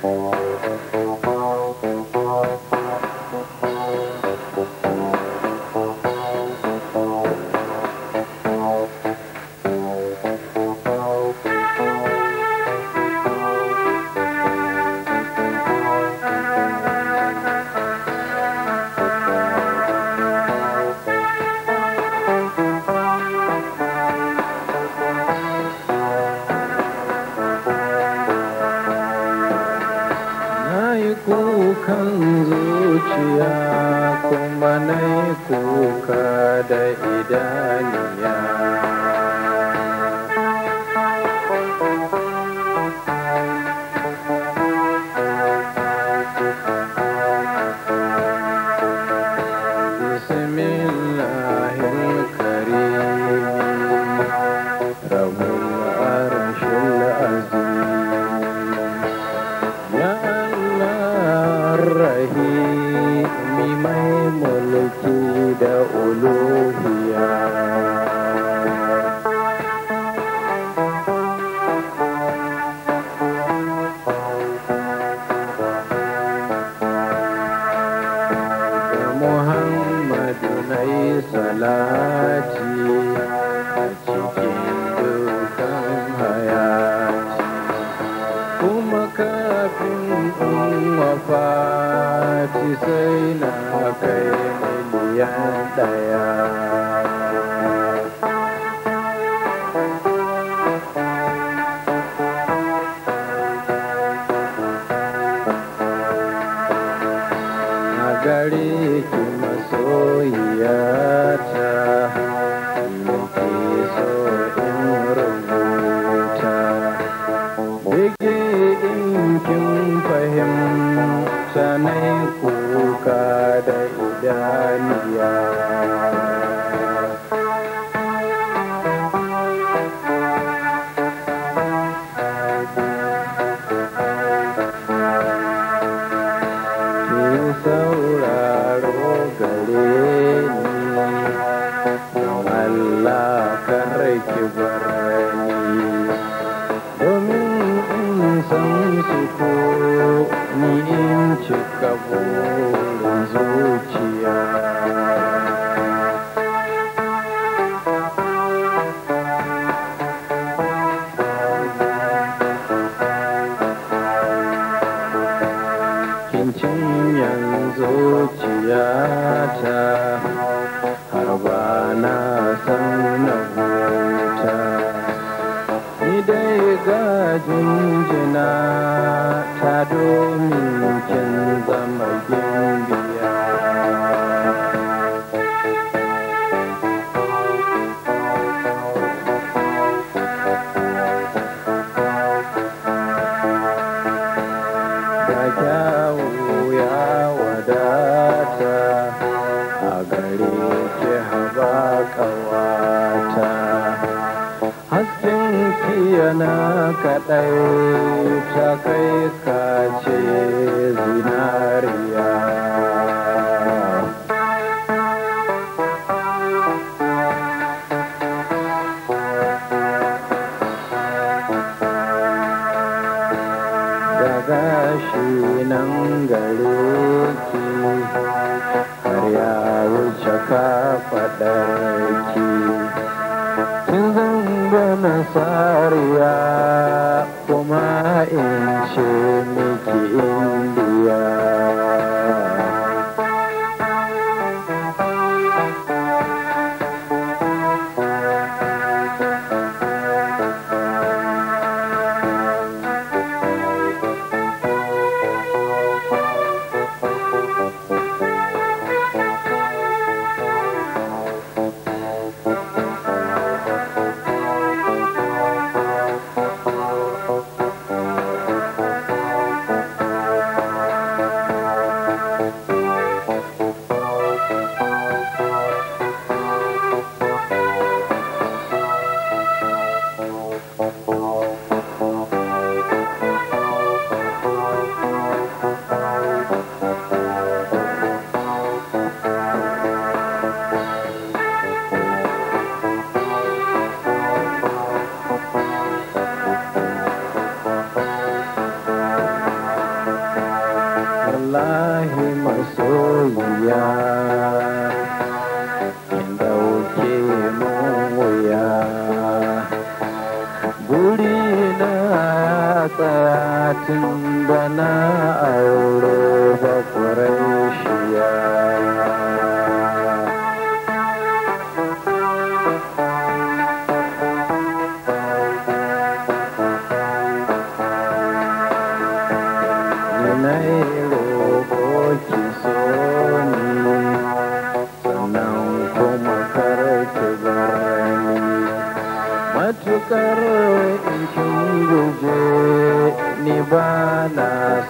Thank you. da idaniya Rahim, mai mulki ma pha chi say na cây ni bi an tay burin zuciya kincin yanzu zuciyata har ba na san na huta ni dai ga jinjina ta đô mình chân ra mày hasken na kaɗai ta kai ce zinariya daga shi nan gare ki har ya wuce ka faɗar فاريا وما إن شئنا بناء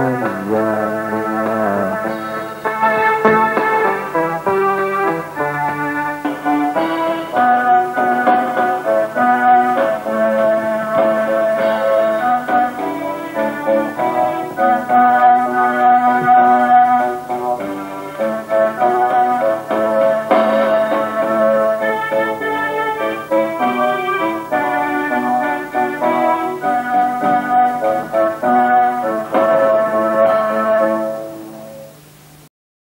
time.